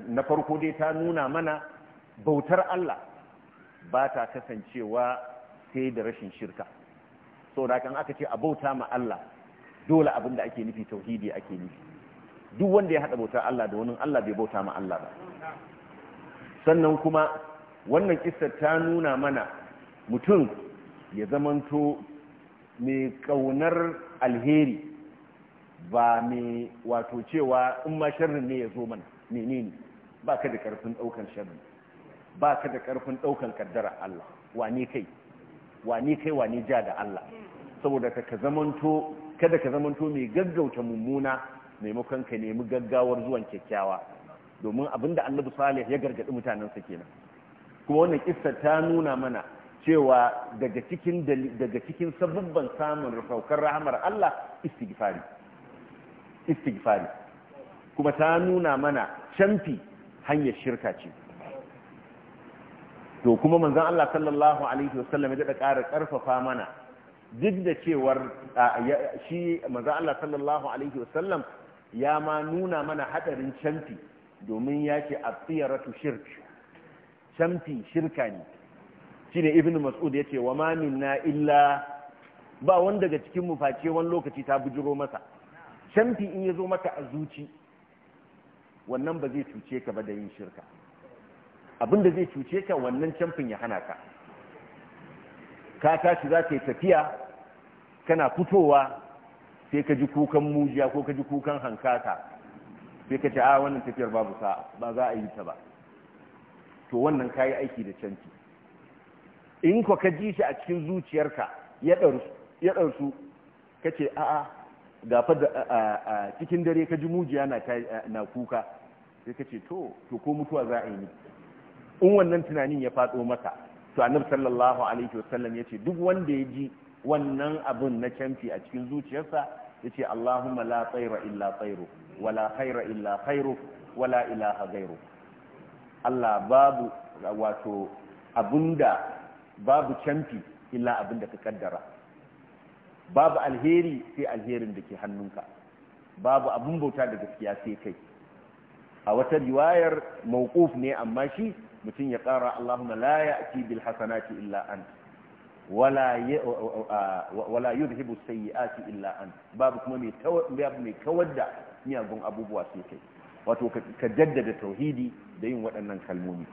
na farko dai ta nuna mana bautar Allah ba ta kasancewa sai da rashin shirka saboda kan aka ce a bauta ma Allah dole abin da ake nufi tauhidi ake nufi duk wanda ya haɗa bautar Allah da wani Allah bai bauta ma Allah ba sannan kuma wannan kissa ta nuna mana mutum ya zamanto mai kaunar alheri ba mai wato cewa in ma sharrin ne ya zo mana ne ba ka da karfin daukan sharrin ba ka da karfin daukan kaddara Allah wane kai wane kai wane ja da Allah saboda ka ka zamanto kada ka zamanto mai gaggauta mummuna maimakon ka nemi gaggawar zuwan kyakkyawa domin abinda Annabi Salih ya gargadi sa kenan kuma wannan kissa ta nuna mana cewa daga cikin daga cikin sabubban samun saukar rahamar Allah istighfari istighfari kuma ta nuna mana canfi hanyar shirka ce to kuma manzon Allah sallallahu alaihi wasallam ya da ƙara ƙarfafa mana duk da cewar shi manzon Allah sallallahu alaihi wasallam ya ma nuna mana haɗarin canfi domin ya ce a tsiyaratu shirk canfi shirka ne shine ibnu mas'ud ce wa ma minna illa ba wanda daga cikin mu face wani lokaci ta bujiro masa shamfi in zo maka a zuci wannan ba zai cuce ka ba da yin shirka abinda zai cuce ka wannan camfin ya hana ka ka tashi za ka yi tafiya kana fitowa sai ka ji kukan mujiya ko ka ji kukan hankaka sai ka ce a ah, wannan tafiyar babu sa'a ba za a yi ta ba to wannan ka yi aiki da canfi in ko ka ji shi a cikin zuciyarka ya ɗarsu ka ce a'a fa da a cikin dare ka ji mujiya na kuka sai ka ce to to ko mutuwa za a yi ni in wannan tunanin ya faɗo maka to annabi sallallahu alaihi wasallam ya ce duk wanda ya ji wannan abun na canfi a cikin zuciyarsa ya ce Allahumma la tsaira illa tsairu wala khaira illa khairu wala ilaha gairu Allah babu wato abunda babu canfi illa abin da ka kaddara babu alheri sai alherin da ke hannunka babu abin bauta da gaskiya sai kai a wata riwayar mawquf ne amma shi mutum ya ƙara Allahumma la ya'ti bil hasanati illa an wala wala sayyi'ati illa an babu kuma mai babu mai kawar da miyagun abubuwa sai kai wato ka jaddada tauhidi da yin waɗannan kalmomi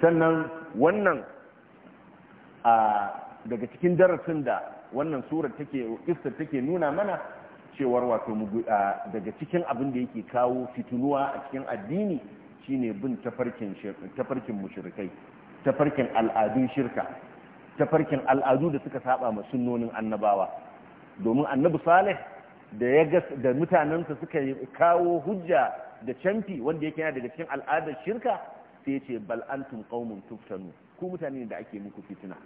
sannan wannan a daga cikin darasin da wannan surar take istar take nuna mana cewar wato daga cikin abin da yake kawo fitunuwa a cikin addini shine bin tafarkin tafarkin mushrikai tafarkin al'adun shirka tafarkin al'adu da suka saba ma sunnonin annabawa domin annabi salih da ya ga da mutanensa suka kawo hujja da canfi wanda yake yana daga cikin al'adar shirka sai ya ce bal antum qaumun tuftanu ku mutane da ake muku fitina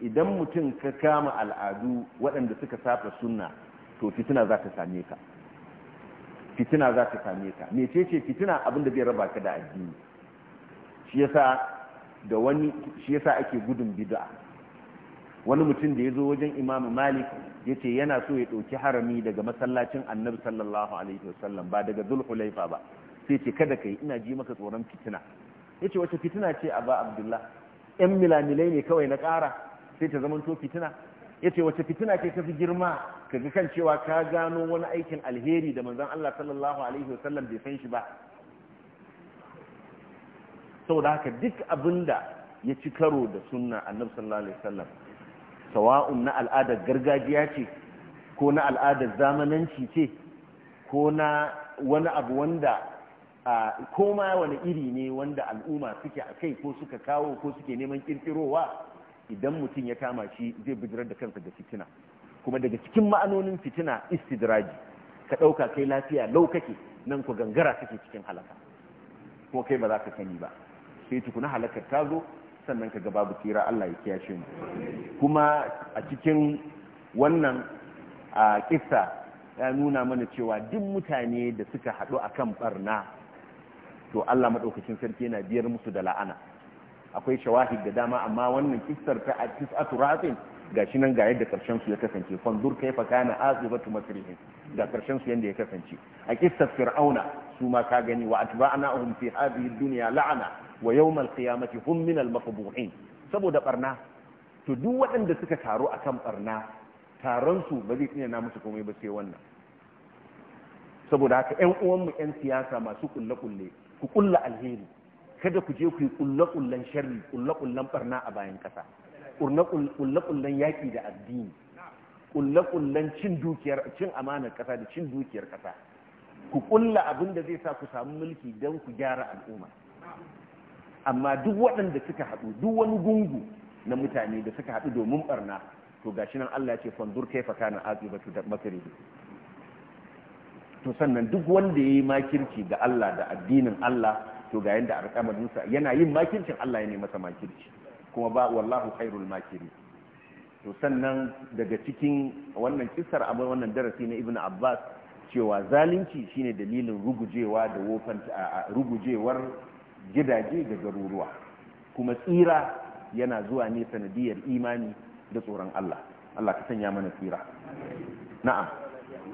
idan mutum ka kama al'adu waɗanda suka saba sunna to fitina za ta same ka fitina za ta same ka mecece fitina abin da zai raba ka da addini shi yasa da shi yasa ake gudun bid'a wani mutum da ya zo wajen imam malik ya ce yana so ya ɗauki harami daga masallacin annabi sallallahu alaihi wasallam ba daga zulhulaifa ba sai ce kada ka yi ina ji maka tsoron fitina ya ce wace fitina ce a ba abdullah 'yan milamilai ne kawai na ƙara sai ta zamanto fitina ya ce wace fitina ke ta fi girma ka ga kan cewa ka gano wani aikin alheri da manzan Allah sallallahu alaihi wasallam bai san shi ba saboda haka duk abinda ya ci karo da sunna annabi sallallahu alaihi wasallam sawa'un na al'adar gargajiya ce ko na al'adar zamananci ce ko na wani abu wanda a koma wani iri ne wanda al'umma suke a kai ko suka kawo ko suke neman kirkirowa idan mutum ya kama shi zai bijirar da kansa da fitina kuma daga cikin ma'anonin fitina istidraji ka ɗauka kai lafiya lau kake nan ku gangara kake cikin halaka ko kai ba za ka sani ba sai tukuna halakar ta zo sannan ka ga babu tsira Allah ya kiyashe mu kuma a cikin wannan a kissa ya nuna mana cewa duk mutane da suka haɗu akan barna to Allah madaukakin sarki yana biyar musu da la'ana akwai shawahid da dama amma wannan kissar ta tis'atu Ga shi nan ga yadda karshen su ya kasance fanzur kaifa kana azibatu masrihin ga karshen su yanda ya kasance a kissar fir'auna su ma ka gani wa atba'nahum fi hadhihi dunya la'ana wa yawm al-qiyamati hum min al-mafbuhin saboda barna to duk waɗanda suka taru akan barna taron su ba zai tsina na musu komai ba sai wannan saboda haka ƴan uwanmu ƴan siyasa masu kulle-kulle ku kulla alheri kada ku je ku yi kullakullan sharri kullakullan barna a bayan kasa kullakullan yaki da addini kullakullan cin dukiyar cin amanar kasa da cin dukiyar kasa ku kulla abin da zai sa ku samu mulki don ku gyara al'umma amma duk waɗanda suka haɗu duk wani gungu na mutane da suka haɗu domin barna to gashi nan Allah ya ce fanzur kaifa kana aqibatu da makaridu to sannan duk wanda ya yi makirci ga Allah da addinin Allah to ga yanda alƙamarinsa yana yin makircin Allah ya ne masa makirci kuma ba wallahu khairul makiri to sannan daga cikin wannan kissar a wannan darasi na ibnu abbas cewa zalunci shine dalilin rugujewa da wofan rugujewar gidaje da garuruwa kuma tsira yana zuwa ne sanadiyar imani da tsoron Allah Allah ka sanya mana tsira na'am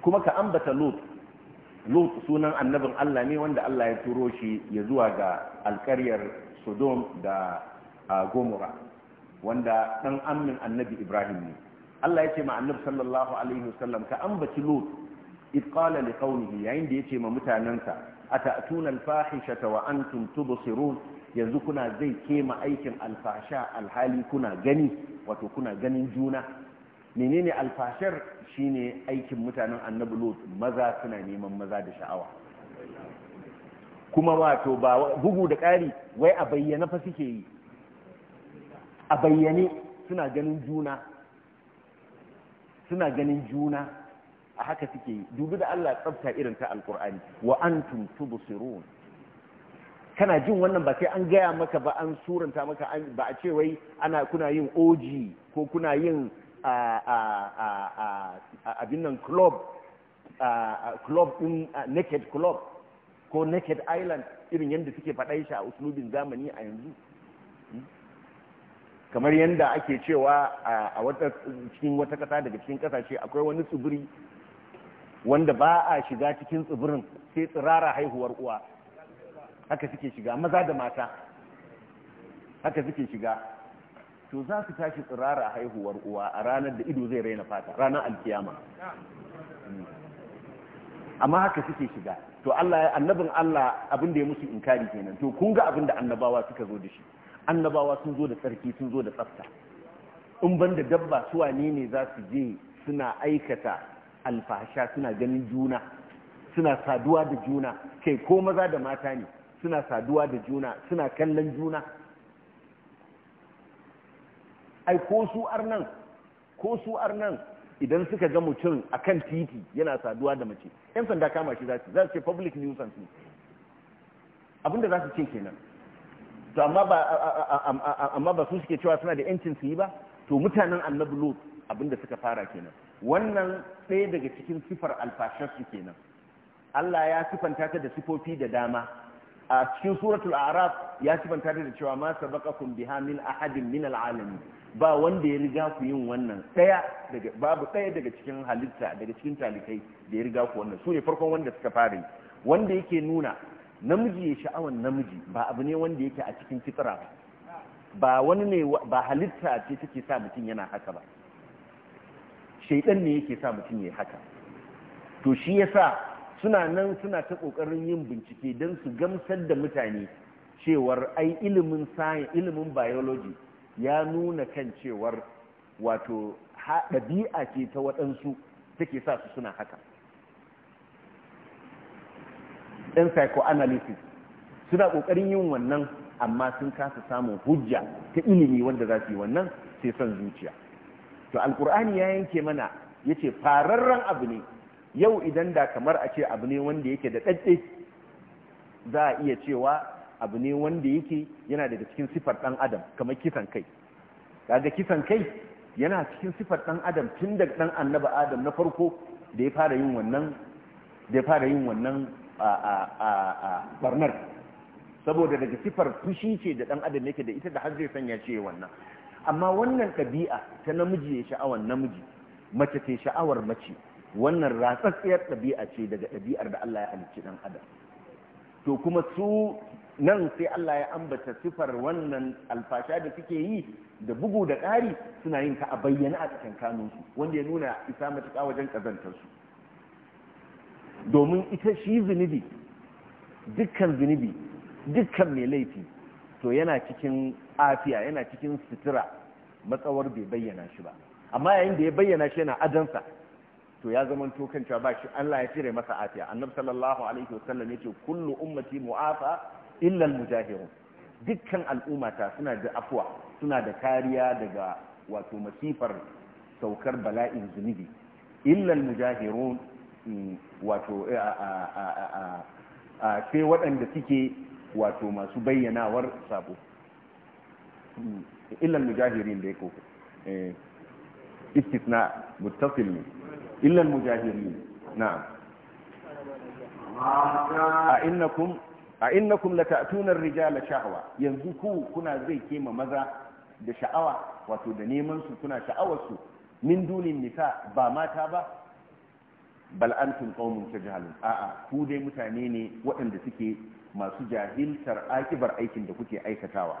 kuma ka ambata lut lut sunan annabin Allah ne wanda Allah ya turo shi ya zuwa ga alƙaryar Sodom da Gomora wanda dan amin annabi Ibrahim ne Allah ya ce ma annabi sallallahu alaihi wasallam ka ambaci lut id qala li qaumihi yayin da ya ce ma mutanansa ata'tuna al ta wa antum tubsirun yanzu kuna zai kema aikin alfasha alhali kuna gani wato kuna ganin juna menene alfashar shine aikin mutanen annabi lot maza suna neman maza da sha'awa kuma wato ba bugu da ƙari wai a bayyana fa suke yi a bayyane suna ganin juna suna ganin juna a haka suke yi dubi da Allah tsabta irin ta alkur'ani wa antum tubsirun kana jin wannan ba sai an gaya maka ba an suranta maka ba a ce wai ana kuna yin oji ko kuna yin abin nan club club din naked club ko naked island irin yadda suke faɗa shi a uslubin zamani a yanzu hmm? kamar yadda ake cewa a wata cikin wata ƙasa daga cikin ƙasashe akwai wani tsibiri wanda ba a shiga cikin tsibirin sai tsirara haihuwar uwa haka suke shiga maza da mata haka suke shiga to za su tashi tsirara haihuwar uwa a ranar da ido zai raina fata ranar alkiyama amma haka suke shiga to Allah ya annabin Allah abin da ya musu inkari kenan to kun ga abin da annabawa suka zo da shi annabawa sun zo da tsarki sun zo da tsafta in ban da dabba su wane ne za su je suna aikata alfasha, suna ganin juna suna saduwa da juna kai ko maza da mata ne suna saduwa da juna suna kallon juna ai ko su arnan ko su arnan idan suka ga mutum akan titi yana saduwa da mace yan sanda kama shi za su za su ce public nuisance ne abinda za su ce kenan to amma ba amma ba su suke cewa suna da yancin su yi ba to mutanen annabi lot abinda suka fara kenan wannan ɗaya daga cikin sifar alfashar su kenan Allah ya sifanta ta da sifofi da dama a cikin suratul a'raf ya sifanta ta da cewa ma sabaqakum biha min ahadin min al'alamin ba wanda ya riga ku yin wannan daya daga babu daya daga cikin halitta daga cikin talikai da ya riga ku wannan su ne farkon wanda suka fara yi wanda yake nuna namiji ya sha'awan namiji ba abu ne wanda yake a cikin fitra ba ba wani ne ba halitta ce take sa mutum yana haka ba shaidan ne yake sa mutum ya haka to shi yasa suna nan suna ta kokarin yin bincike don su gamsar da mutane cewar ai ilimin science ilimin biology ya nuna kan cewar wato ɗabi'a ce ta waɗansu take sa su suna haka ɗan psychoanalysis suna ƙoƙarin yin wannan amma sun kasa samun hujja ta ilimi wanda za su yi wannan sai son zuciya to Alƙur'ani ya yanke mana ya ce fararren abu ne yau idan da kamar a ce abu ne wanda yake da ɗaɗɗe za a iya cewa abu ne wanda yake yana daga cikin sifar ɗan adam kamar kisan kai daga kisan kai yana cikin sifar ɗan adam tun daga ɗan annaba adam na farko da ya fara yin wannan da ya fara yin wannan barnar saboda daga sifar fushi ce da ɗan adam yake da ita da har zai sanya ce wannan amma wannan ɗabi'a ta namiji ya sha'awar namiji mace ta sha'awar mace wannan ratsatsiyar ɗabi'a ce daga ɗabi'ar da Allah ya halicci ɗan adam to kuma su nan sai Allah ya ambata sifar wannan alfasha da suke yi da bugu da ƙari suna yin ka a bayyana a cikin kanunsu wanda ya nuna isa matuƙa wajen ƙazantarsu domin ita shi zunubi dukkan zunubi dukkan mai laifi to yana cikin afiya yana cikin sutura matsawar bai bayyana shi ba amma yayin da ya bayyana shi yana ajansa to ya zama tokancewa kan ba shi Allah ya cire masa afiya annabi sallallahu alaihi wasallam yace kullu ummati mu'afa illa almujahirun dukkan al'ummata suna da afwa suna da kariya daga wato masifar saukar bala'in zunubi illa almujahirun wato sai waɗanda suke wato masu bayyanawar sabo illa mujahirin da ya koko istisna muttasil ne illa mujahirin na'am a innakum a innakum lata'tuna ar-rijala sha'awa, yanzu ku kuna zai kema maza da sha'awa wato da neman su kuna sha'awar su min dunin nisa ba mata ba bal antum qaumun tajhalun a'a ku dai mutane ne waɗanda suke masu jahiltar akibar aikin da kuke aikatawa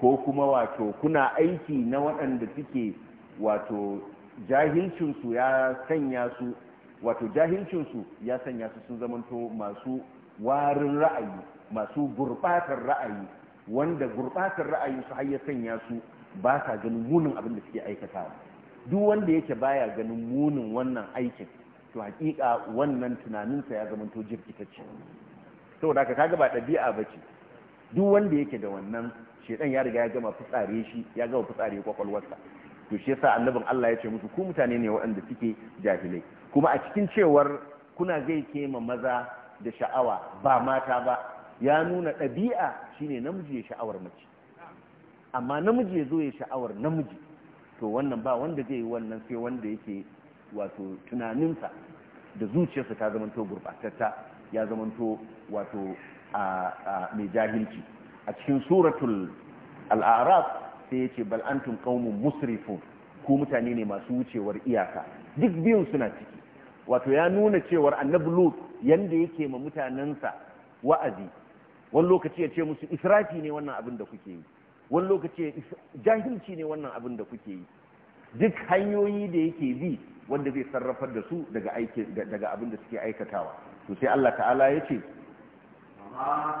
ko kuma wato kuna aiki na waɗanda suke wato jahilcinsu ya sanya su wato jahilcinsu ya sanya su sun zamanto masu warin ra'ayi masu gurbatar ra'ayi wanda gurbatar ra'ayi su har ya sanya su ba sa ganin munin abin da suke aikatawa duk wanda yake baya ganin munin wannan aikin to hakika wannan tunaninsa ya zama to jirkitacce saboda haka kaga ba ɗabi'a bace duk wanda yake da wannan shedan ya riga ya gama fitsare shi ya gama fitsare kwakwalwarsa to shi yasa annabin Allah ya ce musu ku mutane ne waɗanda suke jahilai kuma a cikin cewar kuna zai kema maza da sha'awa ba mata ba ya nuna ɗabi'a shine namiji ya sha'awar mace amma namiji ya zo ya sha'awar namiji to wannan ba wanda zai yi wannan sai wanda yake wato tunaninsa da zuciyarsa ta zamanto gurbatatta ya zamanto wato a mai jahilci a cikin suratul al'araf sai ya ce bal'antun ƙaunin musrifun ko mutane ne masu wucewar iyaka duk biyun suna ciki wato ya nuna cewar annabi lut yanda yake ma mutanensa wa'azi wani lokaci ya ce musu israfi ne wannan abin da kuke yi wani lokaci ya jahilci ne wannan abin da kuke yi duk hanyoyi da yake bi wanda zai sarrafar da su daga abin da suke aikatawa to sai Allah ta'ala ya ce ma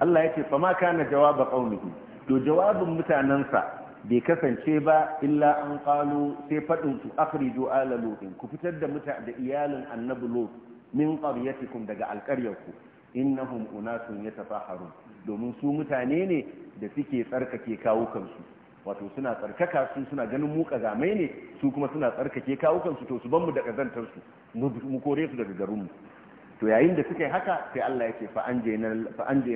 Allah ya ce fama kana jawaba qaumihi to jawabin mutanansa bai kasance ba illa an qalu sai fadin su akhriju ala lutin ku fitar da muta da iyalin annabi lut min qaryatikum daga alqaryarku innahum unasun yatafaharun domin su mutane ne da suke tsarkake kansu wato suna tsarkaka su suna ganin mu kazamai ne su kuma suna tsarkake kawukansu to su ban mu da kazantar su mu kore su daga garinmu to yayin da suka haka sai Allah ya ce fa an je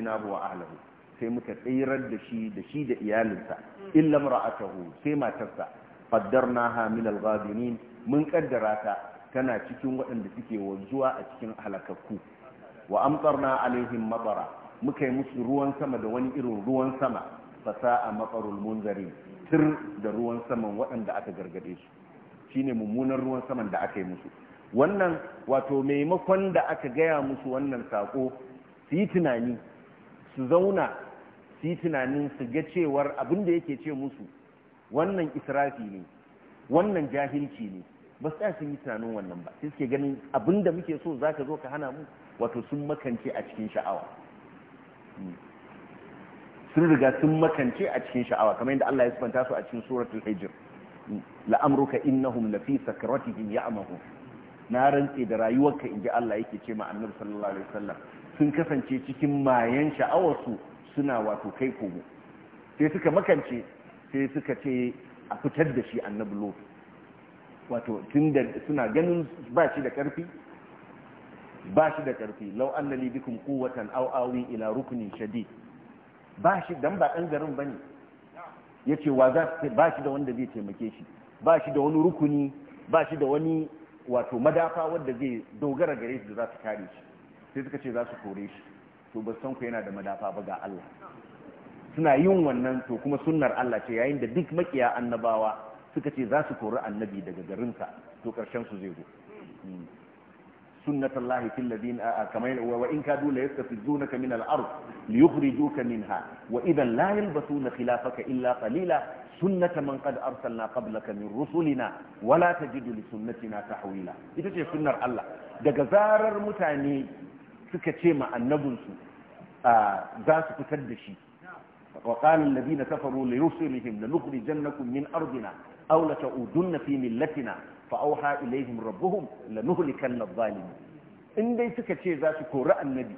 hu wa ahlihi sai muka tsirar da shi da shi da iyalinsa illa mar'atahu sai matarsa qaddarnaha min al mun kaddara ta tana cikin waɗanda suke wanzuwa a cikin halakakku wa amtarna alaihim matara muka yi musu ruwan sama da wani irin ruwan sama fasa'a matsarul munzari tir da ruwan saman waɗanda aka gargade su shine mummunan ruwan saman da aka yi musu wannan wato maimakon da aka gaya musu wannan sako su yi tunani su zauna su yi tunanin su ga cewar abin da yake ce musu wannan israfi ne wannan jahilci ne ba su sun yi tunanin wannan ba sai suke ganin abin da muke so za ka zo ka hana mu wato sun makance a cikin sha'awa sun riga sun makance a cikin sha'awa kamar yadda Allah ya sifanta su a cikin suratul hijr la'amruka innahum lafi sakratihim ya'mahun na rantse da rayuwarka inji Allah yake ce ma annabi sallallahu alaihi wasallam sun kasance cikin mayan sha'awarsu suna wato kai komo sai suka makance sai suka ce a fitar da shi annabi lo wato tunda suna ganin ba shi da karfi ba shi da karfi law annali bikum quwwatan aw awi ila ruknin shadid ba shi dan ba dan garin bane yace wa za ba shi da wanda zai taimake shi ba shi da wani rukuni ba shi da wani wato madafa wadda zai dogara gare shi da za su kare shi sai suka ce za su kore shi to ba san ku yana da madafa ba ga Allah suna yin wannan to kuma sunnar Allah ce yayin da duk makiya annabawa suka ce za su kori annabi daga garinsa to karshen su zai zo hmm. sunnat Allah fil ladina kamar wa in kadu la yastafizunaka min al-ard liyukhrijuka minha wa idan la yalbasuna khilafaka illa qalila sunnata man qad arsalna qablaka min rusulina wala tajidu li sunnatina tahwila ita ce sunnar Allah daga zarar mutane suka ce ma annabinsu su za su fitar da shi wa qala alladhina kafaru li rusulihim lanukhrijannakum min ardina aw la ta'udunna fi millatina fa awha ilayhim rabbuhum lanuhlikanna adh-dhalimin in dai suka ce za su kori annabi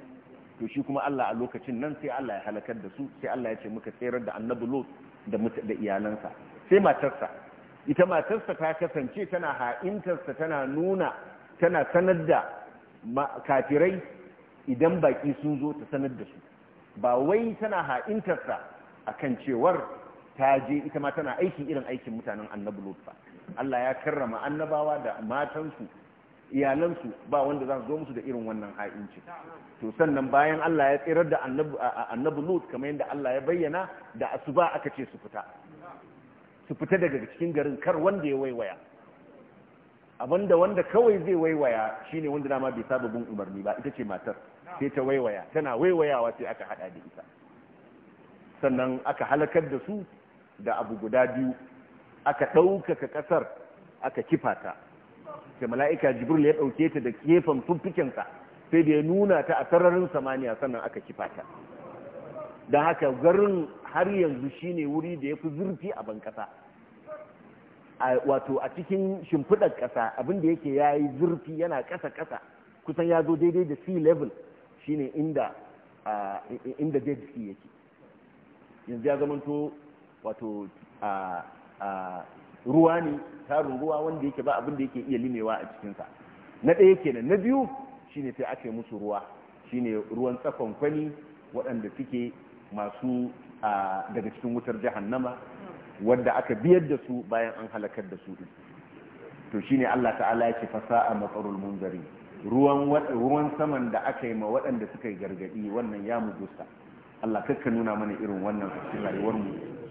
to shi kuma Allah a lokacin nan sai Allah ya halakar da su sai Allah ya ce muka tsayar da annabi Lot da iyalansa sai matarsa ita matarsa ta kasance tana ha'intarsa tana nuna tana sanar da kafirai idan baki sun zo ta sanar da su ba wai tana ha'intarsa a kan cewar ta je ita ma tana aiki irin aikin mutanen annabi ba Allah ya karrama annabawa da matansu iyalansu ba wanda za su zo musu da irin wannan ha'inci to sannan bayan Allah ya tsirar da annabi Lut kamar yadda Allah ya bayyana da asuba aka ce su fita su fita daga cikin garin kar wanda ya waiwaya abinda wanda kawai zai waiwaya shine wanda dama bai saba bin umarni ba ita ce matar sai ta waiwaya tana waiwayawa sai aka hada da ita sannan aka halakar da su da abu guda biyu aka ɗaukaka ƙasar aka kifata. sai mala'ika jibril ya ɗauke ta da kefan tumfikinsa sai da ya nuna ta a sararin samaniya sannan aka kifa ta don haka garin har yanzu shine wuri da ya fi zurfi a ban wato a cikin shimfiɗar ƙasa abinda da yake ya yi zurfi yana ƙasa-ƙasa kusan ya zo daidai da sea level shine inda inda dead sea yake yanzu ya zama to wato ruwa ne tarin ruwa wanda yake ba abin da yake iya limewa a cikinsa na ɗaya kenan na biyu shine sai ake musu ruwa shine ruwan tsakon kwani waɗanda suke masu daga cikin wutar jahannama wanda aka biyar da su bayan an halakar da su to shine Allah ta'ala ya ce fasa'a matsarul munzari ruwan saman da aka yi ma waɗanda suka yi gargadi wannan ya mu Allah kakka nuna mana irin wannan a cikin rayuwar mu